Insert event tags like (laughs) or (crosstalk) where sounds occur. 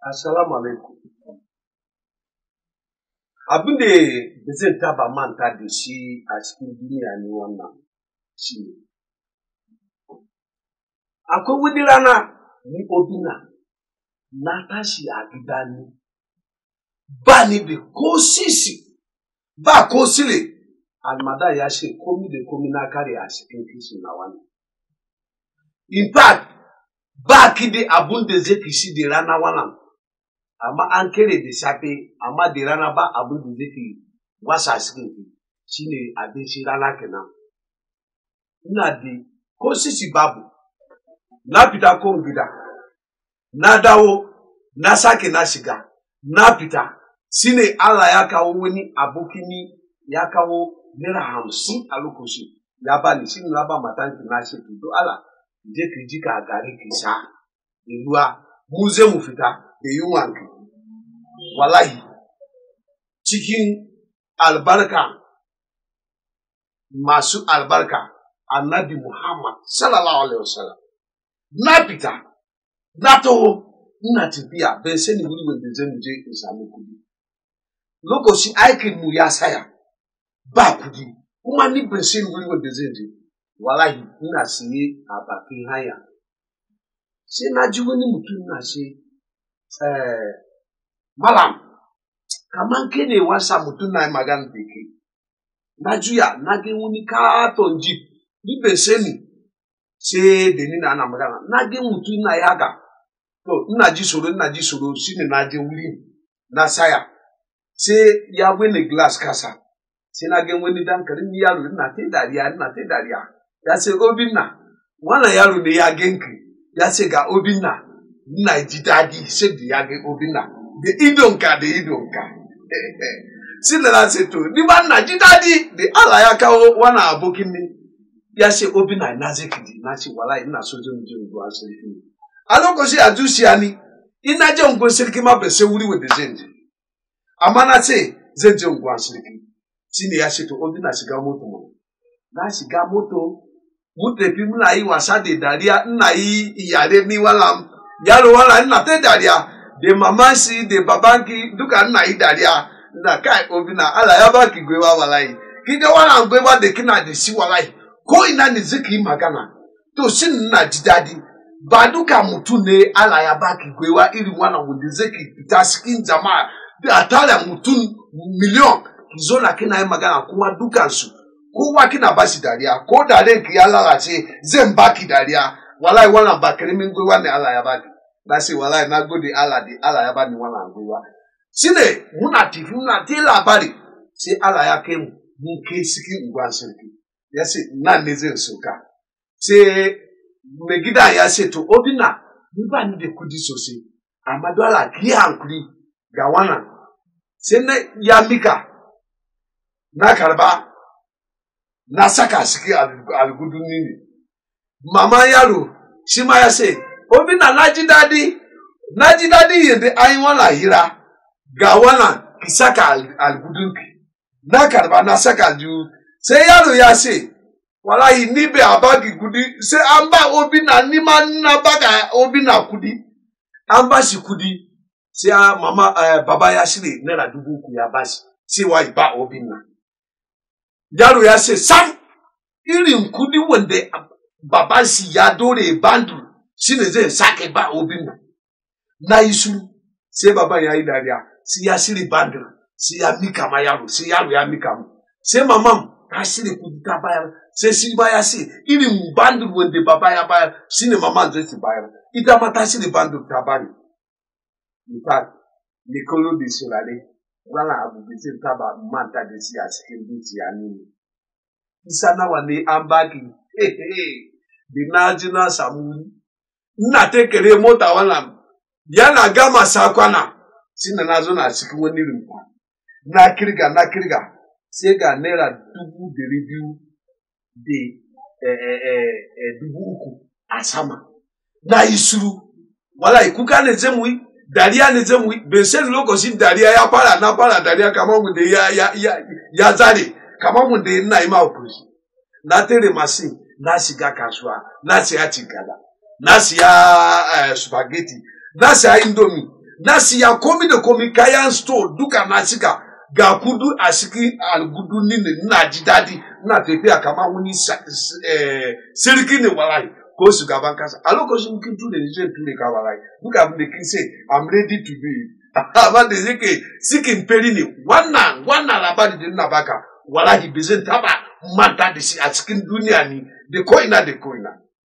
assalamu alaikum abin da ba zai taba manta da shi a cikin duniya ne wannan shi ne akwai wani rana ni obina na tashi a gida ne ba ni da ko sisi ba ko sile almada ya ce komi da komi na kare a cikin kishin na wani in fact ba ki abun da zai kishi da rana wannan ama an kare da safe amma da rana ba abin da zai wasa cikin ki shine abin shi rana kenan ina da ko sisi babu na fita ko ngida na dawo na sake na shiga na fita shine Allah ya kawo wani abokini ya kawo naira hamsin a lokaci ya ba ni shine na ba matanki na shi to Allah je ki jika ka gari ki sha guze mu fita da yunwa wallahi cikin albarka masu albarka annabi Muhammad sallallahu alaihi wasallam na fita na taho ina tafiya bai sani wuri wanda zan je in samu kudi lokaci aikin mu ya saya ba kudi kuma ni ban sani wuri wanda zan je wallahi ina siye a bakin sai na ji wani mutum na ce malam kaman ke na magana da ke na juya na ga ya na jeep ni bai sani sai da deni na ana magana na ga mutum nna ya ga to nna ji soro nna ji soro shine na je wuri na saya se ya wani glass kasa se na ga wani dan karin yaro ina ta dariya ina ta dariya ya ce obinna wannan yaro ne ya ganki ya sị ga obinna nna jide adị ise dị ya gị obinna dị ido nka dị ido nka sinara (laughs) sị to n'igba nna jide adị dị ala ya ka wa na-abụ gịnị ya sị obinna nazikidi nasi wala nna sojo ndị ugbu asị alokosi adusiani inaje ngwe siriki mabese wuri wede zenje amana se zenje ngwa siriki tini ya shito obinna shiga moto na ga moto wutepi mu na yi wasa de daria nna yi iyare ni m yaro wala nna te daria de mama si de baba nki duka nna yi daria na kai obi na ala ya ba ki gwewa wala yi kide wala gwewa de kina de si wala yi ko ina ni zikiri magana to sin na jidadi ba duka mutu ne ala ya ba ki gwewa iri wana wunde zikiri ta skin jama'a da atala mutum miliyon ki zo na kina yi magana kuma dukansu kowa kina na shi dariya ko da nke ya lalace ze mba dariya wallahi wannan ba karamin gwiwa ne ala ya bani na ce wallahi na gode Allah da Allah ya bani wannan gwiwa shine muna tafi muna ta labari sai Allah ya kai mu mun kai cikin unguwan sarki ya ce nan ne zan soka sai mai gida ya ce to obina ni ba ni da kudi sosai amadu ala ki hankuri ga wannan sai na ya mika na karba na saka sakasiki aligudu nini mama yaro ya se obi na najidadi najidadi yende ayiwala hira gawala kisaka gawa na karba na saka ju se yaro ya se walahi nibe abagi gudi se amba obi na nima na baga obi na kudi amba si kudi se mama eh, baba ya sire nera dubu uku ya basi si wa iba obi na yaro ya ce sam irin kudin wanda baban shi ya dore bandu shine zai sake ba obin nan na yi su sai baban ya yi dariya sai ya shiri bandu sai ya mika ma yaro sai yaro ya mika mu sai mamam ta shirya kudi ta bayar sai shi ma ya ce irin bandu wanda baba ya bayar shine mamam zai ci bayar ita ma ta shirya bandu ta bari in fact Nicolo de wala bubutun taba manta da shi a cikin zuciya ne isa nawa ne an baki da na ji na samu wuri ina ta kere mota wannan yana gama sakwana si na nazo na cikin wani rumfa na kirga na kirga sai ga naira dubu dari biyu da dubu uku a sama na yi suru wala ikuka ne je mu yi Daria anasema beseni lokacin Daria ya fara na para Daria kamar mu da ya ya ya ya zare kamar mu da ina ima ofishi na tere masin na shiga kasuwa na siya cigala na siya eh, spaghetti na siya indomi na siya komi da komi kayan store duka na shiga ga asiki a cikin algudu ne ina ji daɗi ina tafiya kamar wani eh, ne wallahi ko shugaban kasa a lokacin kin ni zai ture ka wallahi duk abin da kin ce i'm ready to do it (laughs) da yake sikin feri ne wannan na labari da ina baka wallahi ba zan taba manta da shi a cikin duniya ne da ko da ko